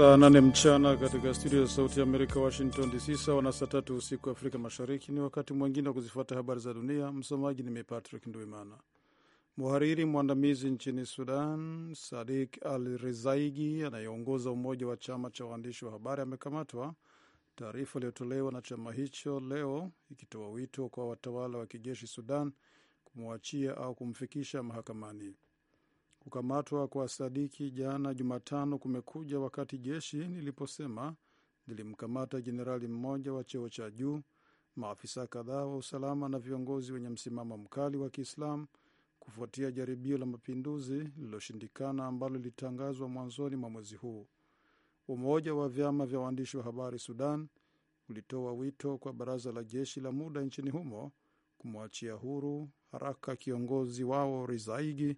Saa nane mchana katika studio ya Sauti ya Amerika, Washington DC, sawa na saa tatu usiku Afrika Mashariki. Ni wakati mwingine wa kuzifuata habari za dunia. Msomaji ni mimi Patrick Ndwimana. Mhariri mwandamizi nchini Sudan, Sadik Al Rizaigi, anayeongoza umoja wa chama cha waandishi wa habari amekamatwa, taarifa iliyotolewa na chama hicho leo ikitoa wito kwa watawala wa kijeshi Sudan kumwachia au kumfikisha mahakamani. Kukamatwa kwa Sadiki jana Jumatano kumekuja wakati jeshi liliposema lilimkamata jenerali mmoja wa cheo cha juu, maafisa kadhaa wa usalama na viongozi wenye msimamo mkali wa Kiislamu kufuatia jaribio la mapinduzi lililoshindikana ambalo lilitangazwa mwanzoni mwa mwezi huu. Umoja wa vyama vya waandishi wa habari Sudan ulitoa wito kwa baraza la jeshi la muda nchini humo kumwachia huru haraka kiongozi wao Rizaigi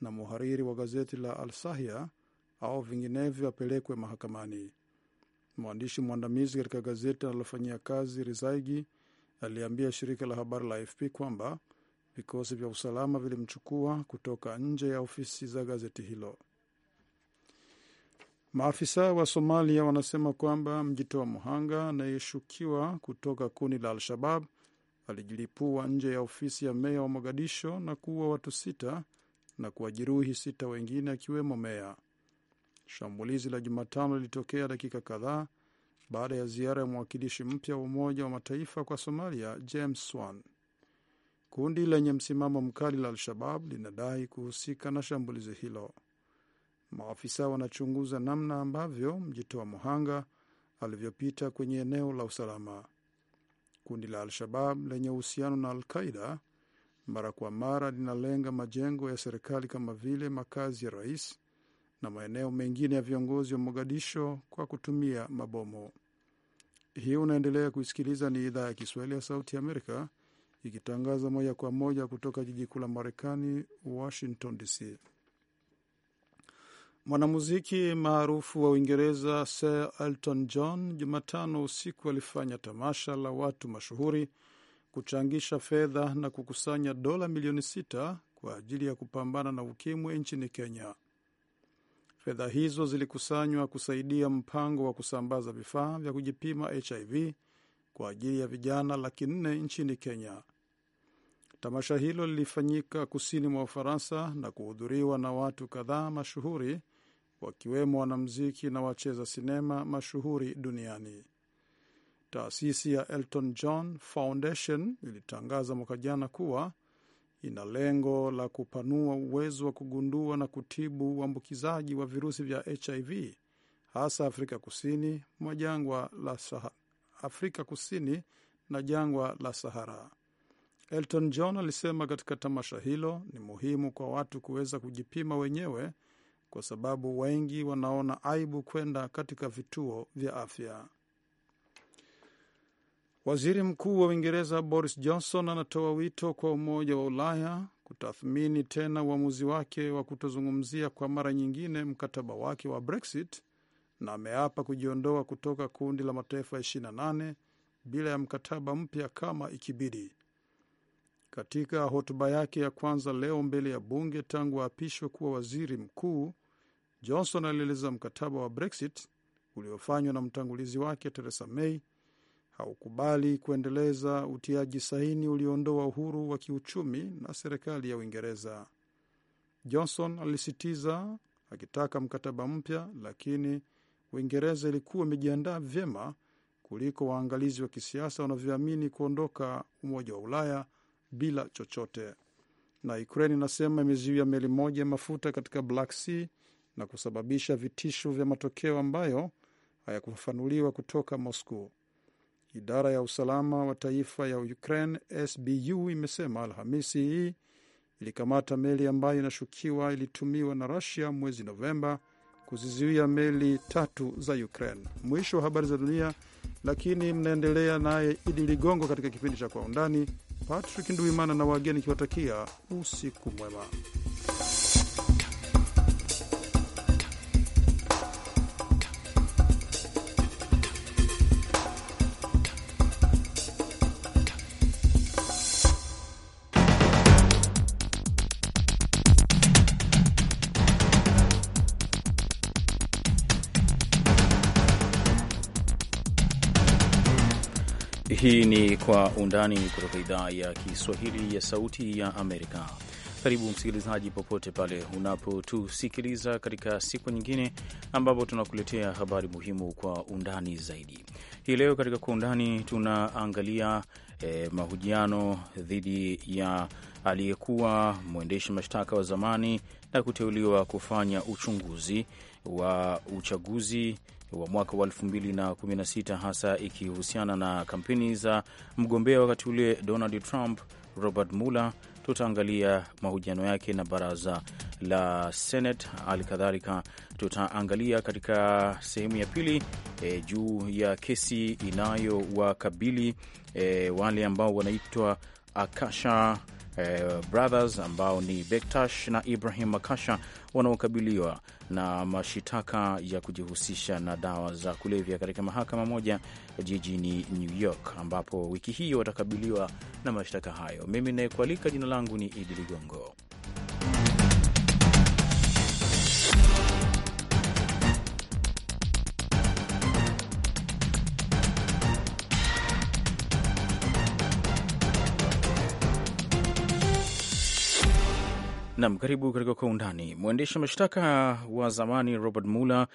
na muhariri wa gazeti la Al au vinginevyo apelekwe mahakamani. Mwandishi mwandamizi katika gazeti analofanyia kazi Rizaigi aliambia shirika la habari la AFP kwamba vikosi vya usalama vilimchukua kutoka nje ya ofisi za gazeti hilo. Maafisa wa Somalia wanasema kwamba mjitoa mhanga anayeshukiwa kutoka kundi la Al-Shabab alijilipua nje ya ofisi ya meya wa Mogadisho na kuua watu sita na kuwajeruhi sita wengine akiwemo meya. Shambulizi la Jumatano lilitokea dakika kadhaa baada ya ziara ya mwakilishi mpya wa Umoja wa Mataifa kwa Somalia, James Swan. Kundi lenye msimamo mkali la Al-Shabab linadai kuhusika na shambulizi hilo. Maafisa wanachunguza namna ambavyo mjitoa muhanga alivyopita kwenye eneo la usalama. Kundi la Al-Shabab lenye uhusiano na Al-Qaida mara kwa mara linalenga majengo ya serikali kama vile makazi ya rais na maeneo mengine ya viongozi wa Mogadisho kwa kutumia mabomu. Hii unaendelea kuisikiliza, ni idhaa ya Kiswahili ya Sauti ya Amerika ikitangaza moja kwa moja kutoka jiji kuu la Marekani, Washington DC. Mwanamuziki maarufu wa Uingereza Sir Elton John Jumatano usiku alifanya tamasha la watu mashuhuri kuchangisha fedha na kukusanya dola milioni sita kwa ajili ya kupambana na ukimwi nchini Kenya. Fedha hizo zilikusanywa kusaidia mpango wa kusambaza vifaa vya kujipima HIV kwa ajili ya vijana laki nne nchini Kenya. Tamasha hilo lilifanyika kusini mwa Ufaransa na kuhudhuriwa na watu kadhaa mashuhuri wakiwemo wanamuziki na wacheza sinema mashuhuri duniani. Taasisi ya Elton John Foundation ilitangaza mwaka jana kuwa ina lengo la kupanua uwezo wa kugundua na kutibu uambukizaji wa virusi vya HIV hasa Afrika Kusini mwa jangwa la Sahara, Afrika Kusini na jangwa la Sahara. Elton John alisema katika tamasha hilo, ni muhimu kwa watu kuweza kujipima wenyewe kwa sababu wengi wanaona aibu kwenda katika vituo vya afya. Waziri Mkuu wa Uingereza Boris Johnson anatoa wito kwa Umoja wa Ulaya kutathmini tena uamuzi wake wa kutozungumzia kwa mara nyingine mkataba wake wa Brexit na ameapa kujiondoa kutoka kundi la mataifa 28 bila ya mkataba mpya kama ikibidi. Katika hotuba yake ya kwanza leo mbele ya bunge tangu aapishwe kuwa waziri mkuu, Johnson alieleza mkataba wa Brexit uliofanywa na mtangulizi wake Theresa May haukubali kuendeleza utiaji saini ulioondoa uhuru wa kiuchumi na serikali ya Uingereza. Johnson alisitiza akitaka mkataba mpya, lakini Uingereza ilikuwa imejiandaa vyema kuliko waangalizi wa kisiasa wanavyoamini kuondoka Umoja wa Ulaya bila chochote. Na Ukraine inasema imezuia meli moja ya mafuta katika Black Sea na kusababisha vitisho vya matokeo ambayo hayakufafanuliwa kutoka Moscow. Idara ya usalama wa taifa ya Ukraine SBU imesema Alhamisi hii ilikamata meli ambayo inashukiwa ilitumiwa na Rusia mwezi Novemba kuzizuia meli tatu za Ukraine. Mwisho wa habari za dunia, lakini mnaendelea naye Idi Ligongo katika kipindi cha Kwa Undani. Patrick Nduimana na wageni ikiwatakia usiku mwema. Hii ni Kwa Undani kutoka idhaa ya Kiswahili ya Sauti ya Amerika. Karibu msikilizaji, popote pale unapotusikiliza katika siku nyingine ambapo tunakuletea habari muhimu kwa undani zaidi. Hii leo katika Kwa Undani tunaangalia eh, mahojiano dhidi ya aliyekuwa mwendesha mashtaka wa zamani na kuteuliwa kufanya uchunguzi wa uchaguzi wa mwaka wa 2016 hasa ikihusiana na kampeni za mgombea wakati ule Donald Trump, Robert Mueller. Tutaangalia mahojiano yake na baraza la Senate. Hali kadhalika tutaangalia katika sehemu ya pili e, juu ya kesi inayowakabili e, wale ambao wanaitwa Akasha e, Brothers ambao ni Bektash na Ibrahim Akasha wanaokabiliwa na mashitaka ya kujihusisha na dawa za kulevya katika mahakama moja jijini New York, ambapo wiki hii watakabiliwa na mashtaka hayo. Mimi nayekualika, jina langu ni Idi Ligongo. Nam, karibu katika Kwa Undani. Mwendesha mashtaka wa zamani Robert Mueller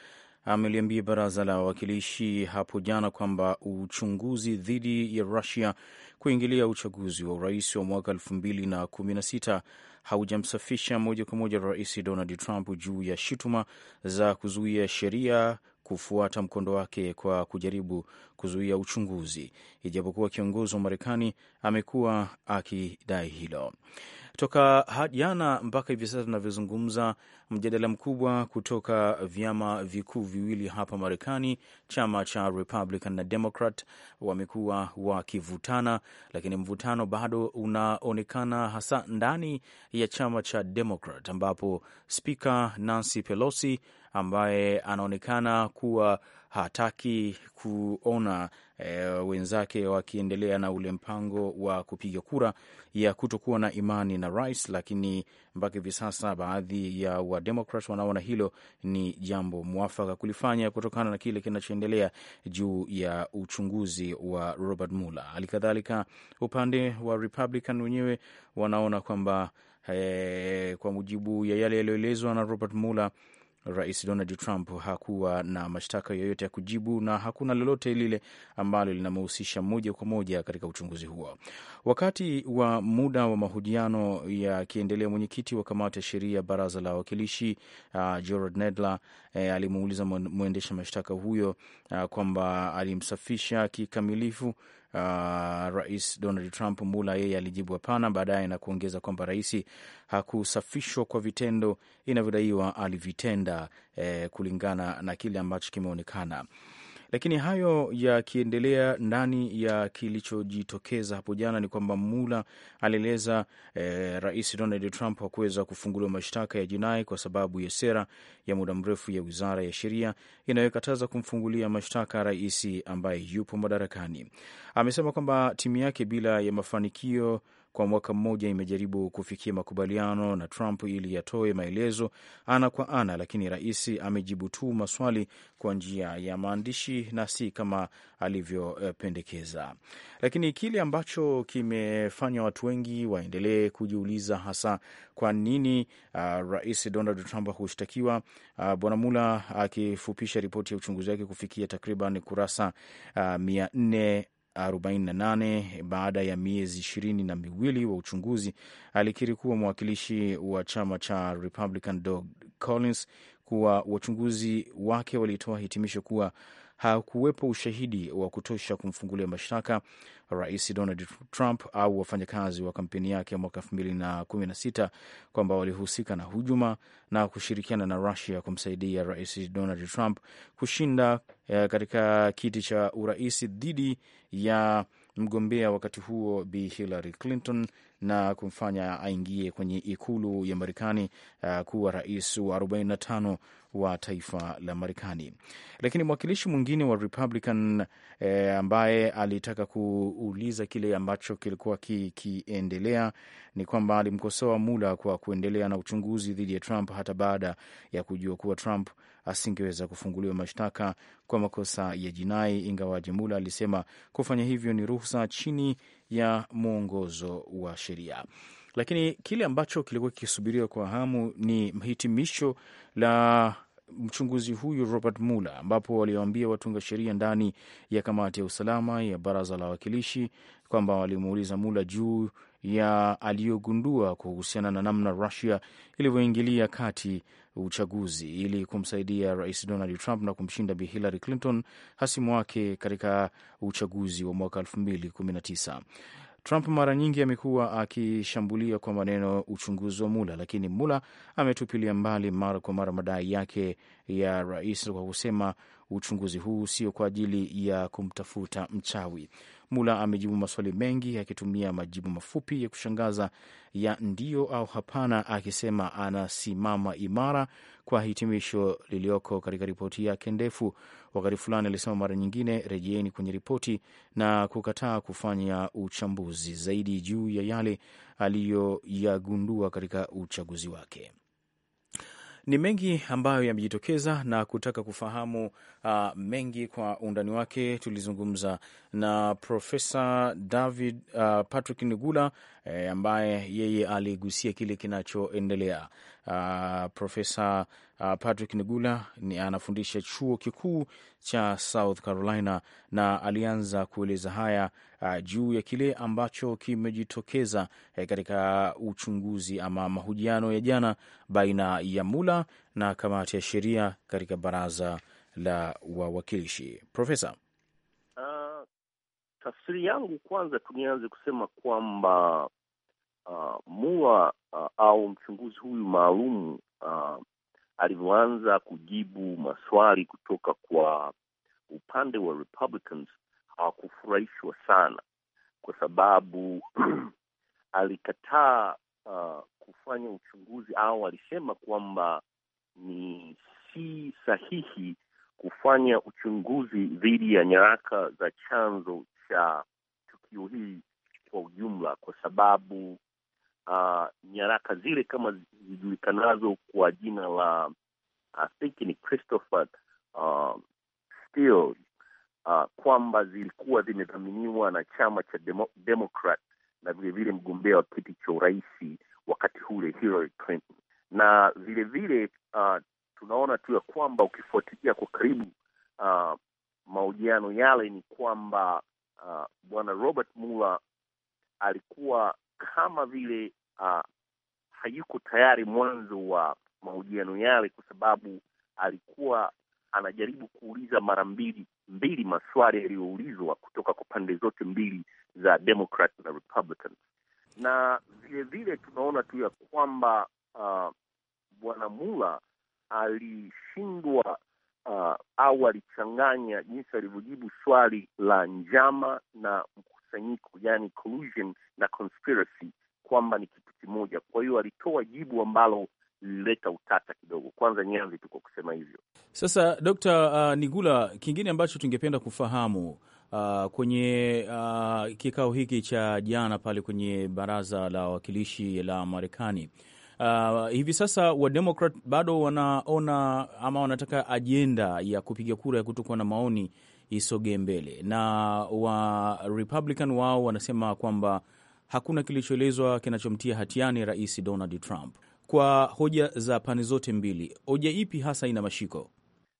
ameliambia baraza la wawakilishi hapo jana kwamba uchunguzi dhidi ya Rusia kuingilia uchaguzi wa urais wa mwaka sita haujamsafisha moja kwa moja Rais Donald Trump juu ya shutuma za kuzuia sheria kufuata mkondo wake kwa kujaribu kuzuia uchunguzi, ijapokuwa kiongozi wa Marekani amekuwa akidai hilo. Toka jana mpaka hivi sasa tunavyozungumza, mjadala mkubwa kutoka vyama vikuu viwili hapa Marekani, chama cha Republican na Democrat, wamekuwa wakivutana, lakini mvutano bado unaonekana hasa ndani ya chama cha Democrat, ambapo spika Nancy Pelosi ambaye anaonekana kuwa hataki kuona e, wenzake wakiendelea na ule mpango wa kupiga kura ya kutokuwa na imani na rais, lakini mpaka hivi sasa baadhi ya Wademokrat wanaona hilo ni jambo mwafaka kulifanya kutokana na kile kinachoendelea juu ya uchunguzi wa Robert Mueller. Halikadhalika upande wa Republican wenyewe wanaona kwamba e, kwa mujibu ya yale yaliyoelezwa na Robert Mueller Rais Donald Trump hakuwa na mashtaka yoyote ya kujibu na hakuna lolote lile ambalo linamehusisha moja kwa moja katika uchunguzi huo. Wakati wa muda wa mahojiano yakiendelea, mwenyekiti wa kamati ya sheria baraza la wawakilishi uh, Gerald Nedler eh, alimuuliza mwendesha mashtaka huyo uh, kwamba alimsafisha kikamilifu uh, rais Donald Trump. Mula yeye alijibu hapana baadaye na kuongeza kwamba rais hakusafishwa kwa vitendo inavyodaiwa alivitenda, eh, kulingana na kile ambacho kimeonekana lakini hayo yakiendelea, ndani ya kilichojitokeza hapo jana ni kwamba Mula alieleza eh, Rais Donald Trump hakuweza kufunguliwa mashtaka ya jinai kwa sababu ya sera ya muda mrefu ya wizara ya sheria inayokataza kumfungulia mashtaka rais ambaye yupo madarakani. Amesema kwamba timu yake bila ya mafanikio kwa mwaka mmoja imejaribu kufikia makubaliano na Trump ili yatoe maelezo ana kwa ana, lakini rais amejibu tu maswali kwa njia ya maandishi na si kama alivyopendekeza. Lakini kile ambacho kimefanya watu wengi waendelee kujiuliza hasa kwa nini uh, rais Donald Trump hushtakiwa. Uh, bwana Mula akifupisha ripoti ya uchunguzi wake kufikia takriban kurasa uh, nne 48 baada ya miezi ishirini na miwili wa uchunguzi, alikiri kuwa mwakilishi wa chama cha Republican Doug Collins kuwa wachunguzi wake walitoa hitimisho kuwa hakuwepo ushahidi wa kutosha kumfungulia mashtaka Rais Donald Trump au wafanyakazi wa kampeni yake mwaka sita kwamba walihusika na hujuma na kushirikiana na Rusia kumsaidia Rais Donald Trump kushinda eh, katika kiti cha urais dhidi ya mgombea wakati huo Bi Hillary Clinton na kumfanya aingie kwenye ikulu ya Marekani uh, kuwa rais wa 45 wa taifa la Marekani. Lakini mwakilishi mwingine wa Republican eh, ambaye alitaka kuuliza kile ambacho kilikuwa kikiendelea ni kwamba alimkosoa Mula kwa kuendelea na uchunguzi dhidi ya Trump hata baada ya kujua kuwa Trump asingeweza kufunguliwa mashtaka kwa makosa ya jinai, ingawa Mula alisema kufanya hivyo ni ruhusa chini ya mwongozo wa sheria. Lakini kile ambacho kilikuwa kikisubiriwa kwa hamu ni hitimisho la mchunguzi huyu Robert Mueller, ambapo waliwaambia watunga sheria ndani ya kamati ya usalama ya baraza la wawakilishi kwamba walimuuliza Mueller juu ya aliyogundua kuhusiana na namna Rusia ilivyoingilia kati uchaguzi ili kumsaidia Rais Donald Trump na kumshinda Bi Hillary Clinton, hasimu wake katika uchaguzi wa mwaka 2019. Trump mara nyingi amekuwa akishambulia kwa maneno uchunguzi wa Mula, lakini Mula ametupilia mbali mara kwa mara madai yake ya rais kwa kusema uchunguzi huu sio kwa ajili ya kumtafuta mchawi. Mula amejibu maswali mengi akitumia majibu mafupi ya kushangaza ya ndio au hapana, akisema anasimama imara kwa hitimisho liliyoko katika ripoti yake ndefu. Wakati fulani alisema mara nyingine, rejeeni kwenye ripoti, na kukataa kufanya uchambuzi zaidi juu ya yale aliyoyagundua katika uchaguzi wake. Ni mengi ambayo yamejitokeza na kutaka kufahamu uh, mengi kwa undani wake. Tulizungumza na Profesa David uh, Patrick Nigula eh, ambaye yeye aligusia kile kinachoendelea Uh, Profesa uh, Patrick Nigula ni anafundisha chuo kikuu cha South Carolina na alianza kueleza haya uh, juu ya kile ambacho kimejitokeza uh, katika uchunguzi ama mahojiano ya jana baina ya Mula na kamati ya sheria katika baraza la wawakilishi. Profesa, uh, tafsiri yangu kwanza, tunianze kusema kwamba uh, uh, au mchunguzi huyu maalum uh, alivyoanza kujibu maswali kutoka kwa upande wa Republicans hawakufurahishwa uh, sana kwa sababu alikataa uh, kufanya uchunguzi au alisema kwamba ni si sahihi kufanya uchunguzi dhidi ya nyaraka za chanzo cha tukio hili kwa ujumla, kwa sababu uh, nyaraka zile kama zijulikanazo kwa jina la uh, I think ni Christopher uh, Steele uh, kwamba zilikuwa zimedhaminiwa na chama cha demo, Democrat na vilevile mgombea wa kiti cha urais wakati ule Hillary Clinton, na vilevile uh, tunaona tu ya kwamba ukifuatilia kwa karibu uh, mahojiano yale ni kwamba uh, bwana Robert Mueller alikuwa kama vile uh, hayuko tayari mwanzo wa mahojiano yale, kwa sababu alikuwa anajaribu kuuliza mara mbili mbili maswali yaliyoulizwa kutoka kwa pande zote mbili za Democrat na Republican, na vilevile tunaona tu ya kwamba uh, bwana Mula alishindwa uh, au alichanganya jinsi alivyojibu swali la njama na mkusanyiko, yani collusion na conspiracy kwamba ni kitu kimoja. Kwa hiyo alitoa jibu ambalo lilileta utata kidogo. Kwanza nianze tu kwa kusema hivyo. Sasa d uh, Nigula, kingine ambacho tungependa kufahamu uh, kwenye uh, kikao hiki cha jana pale kwenye baraza la wawakilishi la Marekani uh, hivi sasa Wademokrat bado wanaona ama wanataka ajenda ya kupiga kura ya kutokuwa na maoni isogee mbele, na wa Republican wao wanasema kwamba hakuna kilichoelezwa kinachomtia hatiani Rais Donald Trump kwa hoja za pande zote mbili. Hoja ipi hasa ina mashiko?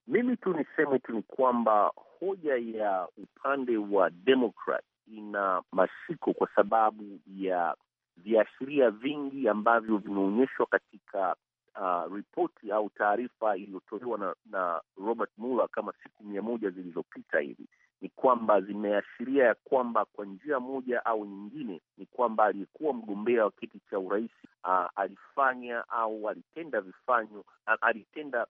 Mimi tu niseme tu ni kwamba hoja ya upande wa Democrat ina mashiko kwa sababu ya viashiria vingi ambavyo vimeonyeshwa katika uh, ripoti au taarifa iliyotolewa na, na Robert Mueller kama siku mia moja zilizopita hivi ni kwamba zimeashiria ya kwamba kwa njia moja au nyingine, ni kwamba aliyekuwa mgombea wa kiti cha urais uh, alifanya au alitenda vifanyo uh, alitenda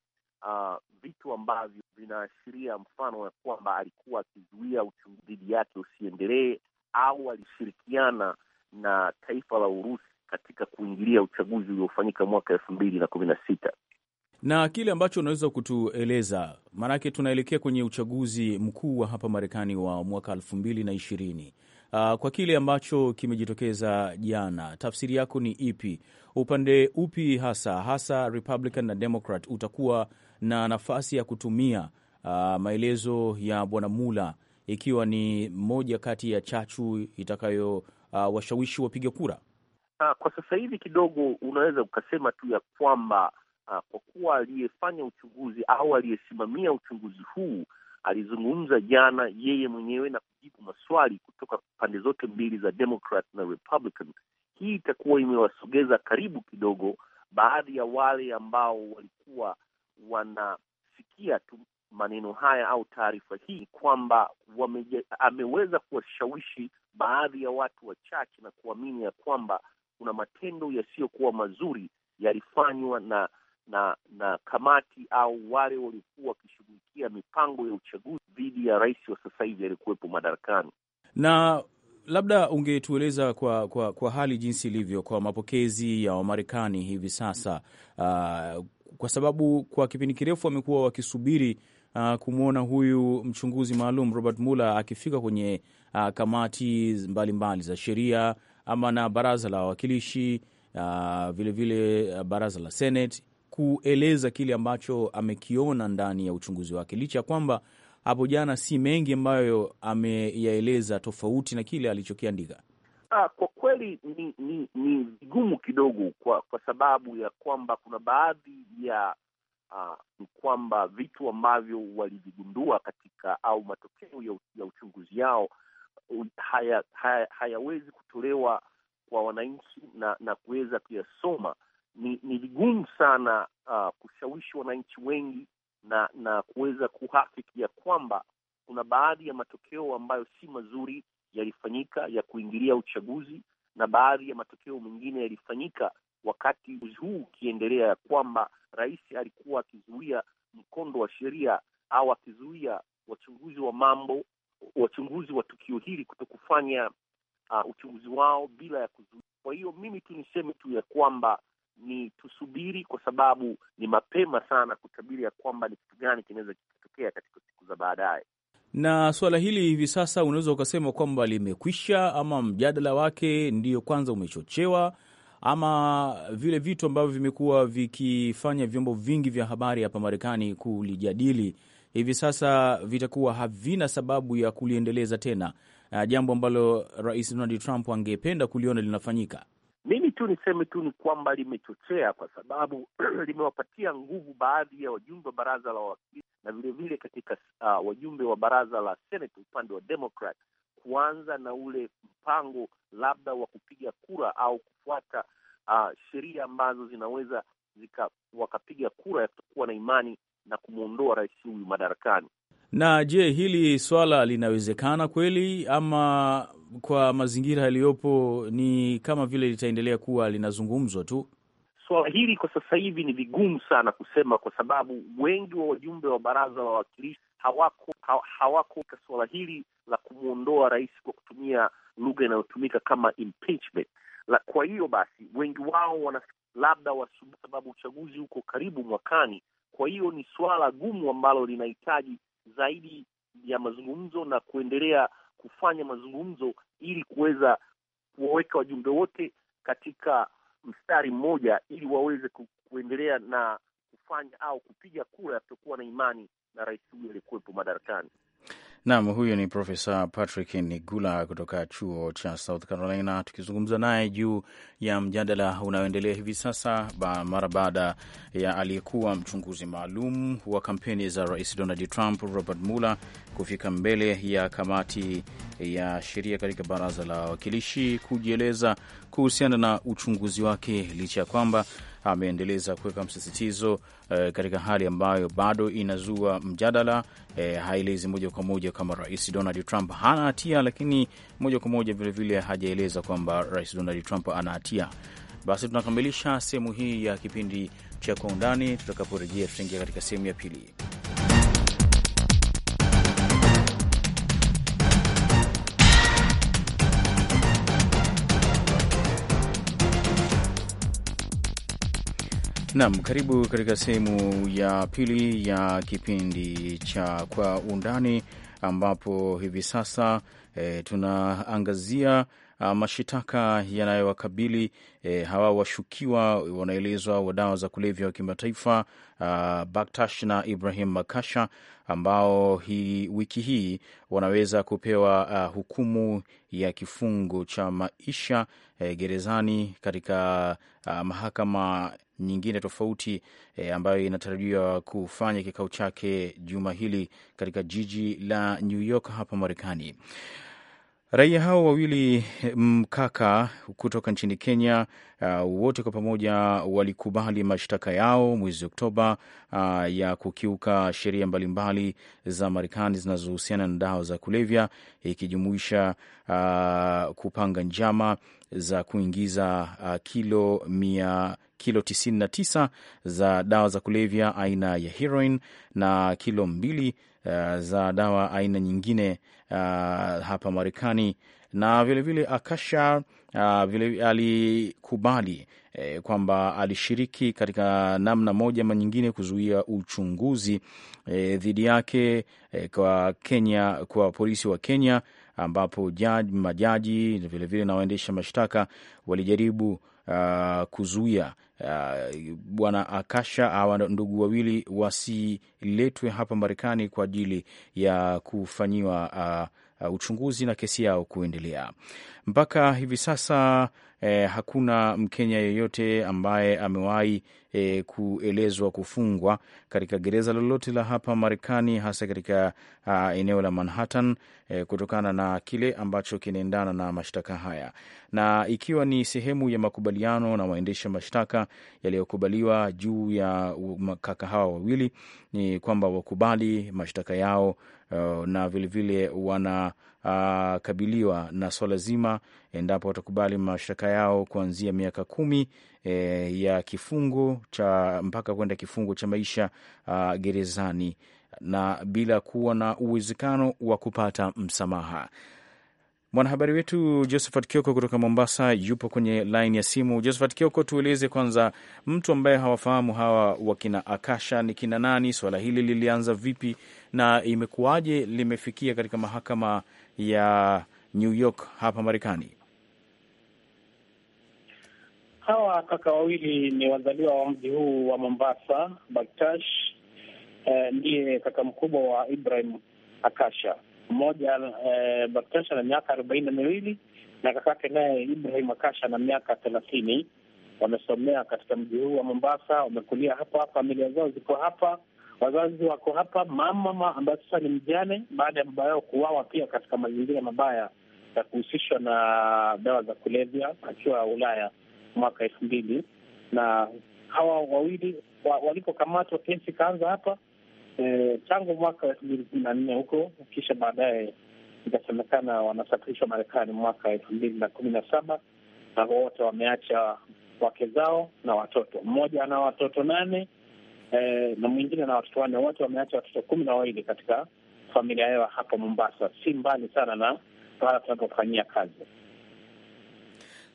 uh, vitu ambavyo vinaashiria mfano ya kwamba alikuwa akizuia uchunguzi dhidi yake usiendelee au alishirikiana na taifa la Urusi katika kuingilia uchaguzi uliofanyika mwaka elfu mbili na kumi na sita na kile ambacho unaweza kutueleza, maanake tunaelekea kwenye uchaguzi mkuu wa hapa Marekani wa mwaka elfu mbili na ishirini. Uh, kwa kile ambacho kimejitokeza jana, tafsiri yako ni ipi? Upande upi hasa hasa Republican na Democrat utakuwa na nafasi ya kutumia uh, maelezo ya bwana Mula ikiwa ni moja kati ya chachu itakayowashawishi ah, uh, wapiga kura? Uh, kwa sasa hivi kidogo unaweza ukasema tu ya kwamba Ah, kwa kuwa aliyefanya uchunguzi au aliyesimamia uchunguzi huu alizungumza jana yeye mwenyewe na kujibu maswali kutoka pande zote mbili za Democrat na Republican. Hii itakuwa imewasogeza karibu kidogo baadhi ya wale ambao walikuwa wanasikia tu maneno haya au taarifa hii kwamba ameweza kuwashawishi baadhi ya watu wachache na kuamini ya kwamba kuna matendo yasiyokuwa mazuri yalifanywa na na na kamati au wale waliokuwa wakishughulikia mipango ya uchaguzi dhidi ya rais wa sasa hivi aliyekuwepo madarakani. Na labda ungetueleza kwa, kwa, kwa hali jinsi ilivyo kwa mapokezi ya Wamarekani hivi sasa uh, kwa sababu kwa kipindi kirefu wamekuwa wakisubiri uh, ah, kumwona huyu mchunguzi maalum Robert Mueller akifika kwenye uh, kamati mbalimbali mbali za sheria ama na baraza la wawakilishi vilevile uh, vile baraza la Senate kueleza kile ambacho amekiona ndani ya uchunguzi wake, licha ya kwamba hapo jana si mengi ambayo ameyaeleza tofauti na kile alichokiandika. Ah, kwa kweli ni ni ni vigumu kidogo kwa kwa sababu ya kwamba kuna baadhi ya ah, ni kwamba vitu ambavyo walivigundua katika au matokeo ya, ya uchunguzi yao hayawezi haya, haya kutolewa kwa wananchi na na kuweza kuyasoma ni, ni vigumu sana uh, kushawishi wananchi wengi na na kuweza kuhakiki ya kwamba kuna baadhi ya matokeo ambayo si mazuri yalifanyika ya kuingilia uchaguzi, na baadhi ya matokeo mengine yalifanyika wakati huu ukiendelea, ya kwamba rais alikuwa akizuia mkondo wa sheria au akizuia wachunguzi wa mambo, wachunguzi wa tukio hili kuto kufanya uh, uchunguzi wao bila ya kuzuia. Kwa hiyo mimi tu niseme tu ya kwamba ni tusubiri, kwa sababu ni mapema sana kutabiri ya kwamba ni kitu gani kinaweza kikatokea katika siku za baadaye. Na suala hili hivi sasa unaweza ukasema kwamba limekwisha, ama mjadala wake ndiyo kwanza umechochewa, ama vile vitu ambavyo vimekuwa vikifanya vyombo vingi vya habari hapa Marekani kulijadili hivi sasa vitakuwa havina sababu ya kuliendeleza tena, uh, jambo ambalo Rais Donald Trump angependa kuliona linafanyika. Mimi tu niseme tu ni kwamba limechochea kwa sababu limewapatia nguvu baadhi ya wajumbe wa baraza la wawakilishi na vilevile katika uh, wajumbe wa baraza la seneti upande wa Democrat kuanza na ule mpango labda wa kupiga kura au kufuata uh, sheria ambazo zinaweza zika wakapiga kura ya kutokuwa na imani na kumwondoa rais huyu madarakani. Na je, hili swala linawezekana kweli ama kwa mazingira yaliyopo ni kama vile litaendelea kuwa linazungumzwa tu? Swala hili kwa sasa hivi ni vigumu sana kusema, kwa sababu wengi wa wajumbe wa baraza la wawakilishi hawako hawako katika suala hili la kumwondoa rais kwa kutumia lugha inayotumika kama impeachment. La, kwa hiyo basi wengi wao wana labda wasubu, sababu uchaguzi uko karibu mwakani. Kwa hiyo ni suala gumu ambalo linahitaji zaidi ya mazungumzo na kuendelea kufanya mazungumzo ili kuweza kuwaweka wajumbe wote katika mstari mmoja ili waweze kuendelea na kufanya au kupiga kura ya kutokuwa na imani na rais huyu aliyekuwepo madarakani. Naam, huyu ni Profesa Patrick Nigula kutoka chuo cha South Carolina, tukizungumza naye juu ya mjadala unaoendelea hivi sasa ba mara baada ya aliyekuwa mchunguzi maalum wa kampeni za Rais Donald Trump Robert Mueller kufika mbele ya kamati ya sheria katika baraza la wawakilishi kujieleza kuhusiana na uchunguzi wake licha ya kwamba ameendeleza kuweka msisitizo e, katika hali ambayo bado inazua mjadala e, haelezi moja kwa moja kama Rais Donald Trump hana hatia, lakini moja kwa moja vilevile hajaeleza kwamba Rais Donald Trump ana hatia. Basi tunakamilisha sehemu hii ya kipindi cha Kwa Undani. Tutakaporejea tutaingia katika sehemu ya pili. Nam, karibu katika sehemu ya pili ya kipindi cha Kwa Undani, ambapo hivi sasa e, tunaangazia ah, mashitaka yanayowakabili e, hawa washukiwa wanaelezwa wa dawa za kulevya wa kimataifa ah, Baktash na Ibrahim Makasha ambao hii, wiki hii wanaweza kupewa a, ah, hukumu ya kifungo cha maisha e, gerezani katika a, mahakama nyingine tofauti e, ambayo inatarajiwa kufanya kikao chake juma hili katika jiji la New York hapa Marekani. Raia hao wawili mkaka mm, kutoka nchini Kenya uh, wote kwa pamoja walikubali mashtaka yao mwezi Oktoba uh, ya kukiuka sheria mbalimbali za Marekani zinazohusiana na dawa za kulevya ikijumuisha uh, kupanga njama za kuingiza uh, kilo mia kilo 99 za dawa za kulevya aina ya heroin na kilo mbili Eh, za dawa aina nyingine uh, hapa Marekani na vilevile vile Akasha uh, vile alikubali eh, kwamba alishiriki katika namna moja ama nyingine kuzuia uchunguzi eh, dhidi yake eh, kwa Kenya, kwa polisi wa Kenya ambapo jaji, majaji vilevile na waendesha mashtaka walijaribu uh, kuzuia uh, bwana Akasha awa ndugu wawili wasiletwe hapa Marekani kwa ajili ya kufanyiwa uh, uh uchunguzi na kesi yao kuendelea mpaka hivi sasa eh, hakuna Mkenya yeyote ambaye amewahi eh, kuelezwa kufungwa katika gereza lolote la hapa Marekani, hasa katika uh, eneo la Manhattan eh, kutokana na kile ambacho kinaendana na mashtaka haya, na ikiwa ni sehemu ya makubaliano na waendesha mashtaka yaliyokubaliwa juu ya kaka hawa wawili, ni kwamba wakubali mashtaka yao uh, na vilevile wana watakabiliwa na swala zima, endapo watakubali mashtaka yao, kuanzia miaka kumi e, ya kifungo cha mpaka kwenda kifungo cha maisha a, gerezani na bila kuwa na uwezekano wa kupata msamaha. Mwanahabari wetu Josephat Kioko kutoka Mombasa yupo kwenye laini ya simu. Josephat Kioko, tueleze kwanza, mtu ambaye hawafahamu hawa wakina Akasha ni kina nani? Swala hili lilianza vipi na imekuwaje limefikia katika mahakama ya New York hapa Marekani. Hawa kaka wawili ni wazaliwa wa mji huu wa Mombasa. Baktash eh, ndiye kaka mkubwa wa Ibrahim Akasha. Mmoja eh, Baktash ana miaka arobaini na miwili na kakake naye Ibrahim Akasha na miaka thelathini. Wamesomea katika mji huu wa Mombasa, wamekulia hapa, familia zao ziko hapa wazazi wako hapa, mama ambaye sasa ni mjane baada ya baba yao kuwawa pia katika mazingira mabaya ya kuhusishwa na dawa za kulevya akiwa Ulaya mwaka elfu mbili na hawa wawili wa, walipokamatwa kesi ikaanza hapa e, tangu mwaka elfu mbili kumi na nne huko, kisha baadaye ikasemekana wanasafirishwa Marekani mwaka elfu mbili na kumi na saba na wote wameacha wake zao na watoto. Mmoja ana watoto nane eh, na mwingine na watoto wanne, wote wameacha watoto kumi na wawili katika familia yao hapa Mombasa, si mbali sana na pahala tunapofanyia kazi.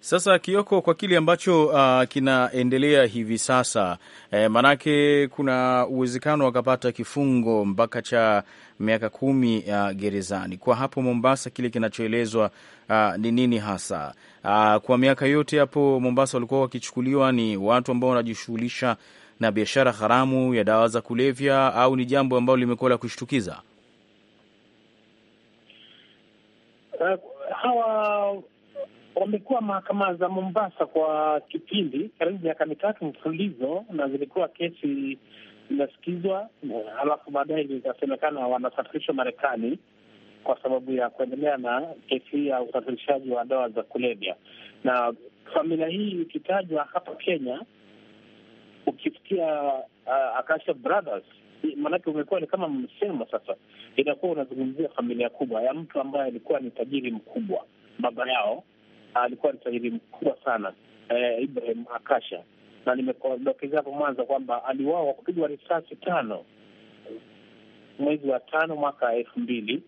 Sasa Kioko, kwa kile ambacho uh, kinaendelea hivi sasa eh, maanake kuna uwezekano wakapata kifungo mpaka cha miaka kumi uh, gerezani. Kwa hapo Mombasa kile kinachoelezwa ah, ni uh, nini hasa? Uh, kwa miaka yote hapo Mombasa walikuwa wakichukuliwa ni watu ambao wanajishughulisha na biashara haramu ya dawa za kulevya au ni jambo ambalo limekuwa la kushtukiza? Uh, hawa wamekuwa mahakama za Mombasa kwa kipindi karibu miaka mitatu mfululizo, na zilikuwa kesi zinasikizwa, halafu eh, baadaye ikasemekana wanasafirishwa Marekani kwa sababu ya kuendelea na kesi ya usafirishaji wa dawa za kulevya, na familia hii ikitajwa hapa Kenya ukifikia uh, Akasha Brothers, maanake umekuwa ni kama msemo sasa, inakuwa unazungumzia familia kubwa ya mtu ambaye alikuwa ni tajiri mkubwa. Baba yao uh, alikuwa ni tajiri mkubwa sana, eh, Ibrahim Akasha, na nimedokeza hapo mwanzo kwamba aliwao kwa kupigwa risasi tano mwezi wa tano mwaka elfu mbili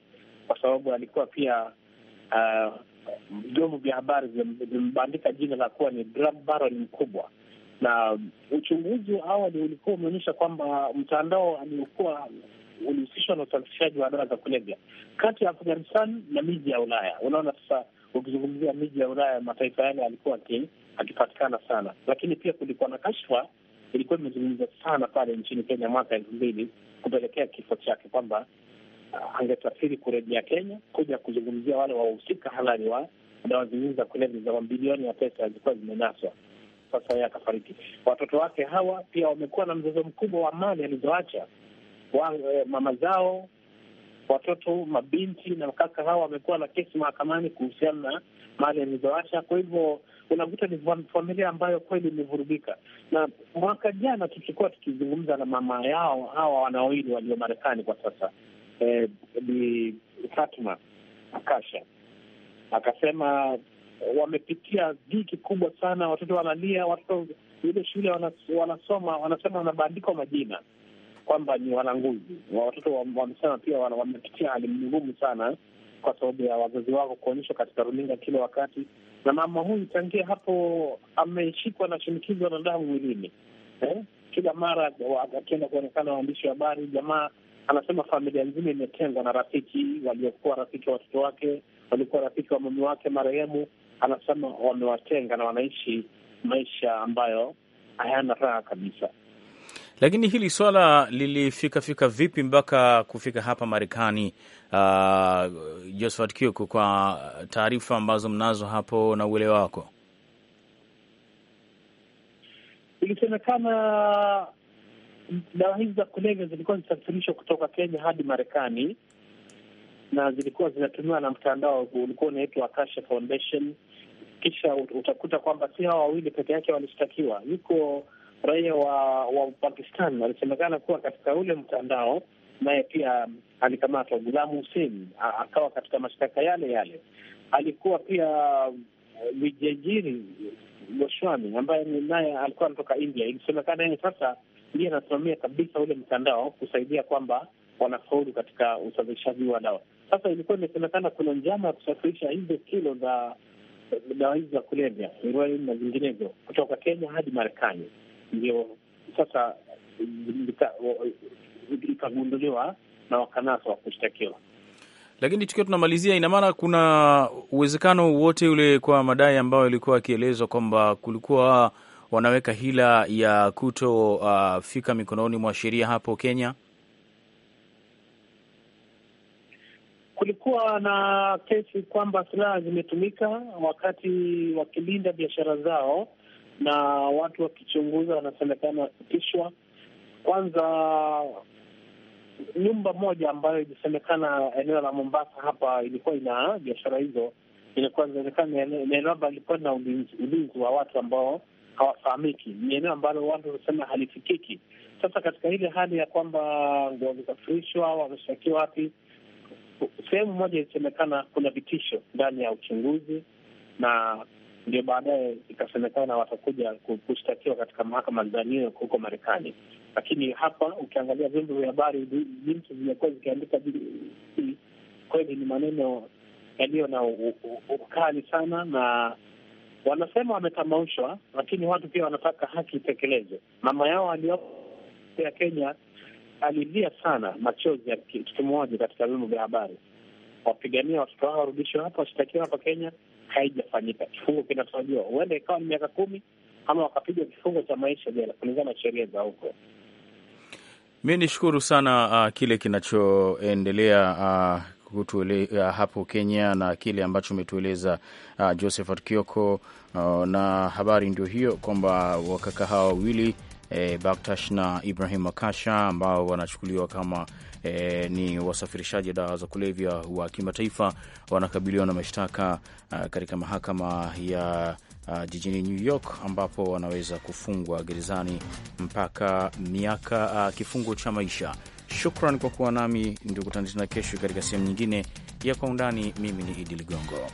kwa sababu alikuwa pia uh, vyombo uh, vya habari vimebandika jina la kuwa ni drug baron mkubwa na uchunguzi wa awali ulikuwa umeonyesha kwamba mtandao aliokuwa ulihusishwa na usafirishaji wa dawa za kulevya kati ya Afghanistan na miji ya Ulaya. Unaona, sasa ukizungumzia miji ya Ulaya, mataifa yale alikuwa akipatikana sana, lakini pia kulikuwa na kashfa ilikuwa imezungumza sana pale nchini Kenya mwaka elfu mbili kupelekea kifo chake, kwamba uh, angesafiri kurejea Kenya kuja kuzungumzia wale wahusika halali wa dawa zingine za kulevya za mabilioni ya pesa zilikuwa zimenaswa sasa yeye akafariki. Watoto wake hawa pia wamekuwa na mzozo mkubwa wa mali alizoacha eh, mama zao. Watoto mabinti na kaka hawa wamekuwa na kesi mahakamani kuhusiana na mali alizoacha. Kwa hivyo unakuta ni familia ambayo kweli imevurugika. Na mwaka jana tulikuwa tukizungumza na mama yao hawa wanawili walio Marekani kwa sasa, Bi eh, Fatma Akasha akasema wamepitia dhiki kubwa sana, watoto wanalia, watoto ile shule wanasoma wanasema wanabandikwa majina kwamba ni wananguzi. Watoto wamesema pia wamepitia hali ngumu sana kwa sababu ya wazazi wao kuonyeshwa katika runinga kila wakati, na mama huyu tangia hapo ameshikwa na shinikizo la damu mwilini eh? Kila mara akienda kuonekana waandishi wa habari, jamaa anasema familia nzima imetengwa na rafiki waliokuwa rafiki wa watoto wake, waliokuwa rafiki wa mami wake marehemu, anasema wamewatenga na wanaishi maisha ambayo hayana raha kabisa. Lakini hili swala lilifikafika vipi mpaka kufika hapa Marekani? Uh, ah, Josephat Kioko, kwa taarifa ambazo mnazo hapo na uelewa wako, ilisemekana dawa hizi za kulevya zilikuwa zisafirishwa kutoka Kenya hadi Marekani na zilikuwa zinatumiwa na mtandao ulikuwa unaitwa Akasha Foundation kisha utakuta kwamba si hawa wawili peke yake walishtakiwa. Yuko raia wa wa Pakistan alisemekana kuwa katika ule mtandao, naye pia alikamatwa. gulamu Hussein akawa katika mashtaka yale yale. Alikuwa pia vijajiri uh, Goswami ambaye naye alikuwa anatoka India. Ilisemekana yeye sasa ndiye anasimamia kabisa ule mtandao kusaidia kwamba wanafaulu katika usafirishaji wa dawa. Sasa ilikuwa imesemekana kuna njama ya kusafirisha hizo kilo za dawa hizi za kulevya, heroin na zinginezo kutoka Kenya hadi Marekani, ndio sasa eh, ikagunduliwa na wakanasa wa kushtakiwa. Lakini tukiwa tunamalizia, ina maana kuna uwezekano wote ule kwa madai ambayo yalikuwa akielezwa kwamba kulikuwa wanaweka hila ya kutofika ah, uh, mikononi mwa sheria hapo Kenya? kulikuwa na kesi kwamba silaha zimetumika wakati wakilinda biashara zao, na watu wakichunguza wanasemekana wakitishwa. Kwanza nyumba moja ambayo ilisemekana eneo la Mombasa hapa ilikuwa ina biashara hizo, ilikuwa inaonekana ilikuwa na ulinzi wa watu ambao hawafahamiki, ni eneo ambalo watu wanasema halifikiki. Sasa katika ile hali ya kwamba wamesafirishwa, wameshtakiwa wapi sehemu moja ilisemekana kuna vitisho ndani ya uchunguzi, na ndio baadaye ikasemekana watakuja kushtakiwa katika mahakama za New York huko Marekani. Lakini hapa ukiangalia vyombo vya habari jinsi zimekuwa zikiandika, kweli ni maneno yaliyo na ukali sana, na wanasema wametamaushwa, lakini watu pia wanataka haki itekelezwe. Mama yao aliyopo ya Kenya alilia sana machozi ya tukimwoja katika vyombo vya habari, wapigania watoto hao warudishwe hapa, washitakiwa hapa Kenya. Haijafanyika. Kifungo kinatarajiwa huenda ikawa ni miaka kumi ama wakapigwa kifungo cha maisha jela kulingana na sheria za huko. Mi ni shukuru sana uh, kile kinachoendelea uh, Kutuele, uh, hapo Kenya na kile ambacho umetueleza uh, Josephat Kioko uh, na habari ndio hiyo kwamba wakaka hawa wawili e, Baktash na Ibrahim Akasha ambao wanachukuliwa kama e, ni wasafirishaji wa dawa za kulevya wa kimataifa, wanakabiliwa na mashtaka katika mahakama ya Uh, jijini New York ambapo wanaweza kufungwa gerezani mpaka miaka uh, kifungo cha maisha. Shukran kwa kuwa nami, ndio kutana tena kesho katika sehemu nyingine ya Kwa Undani. Mimi ni Idi Ligongo.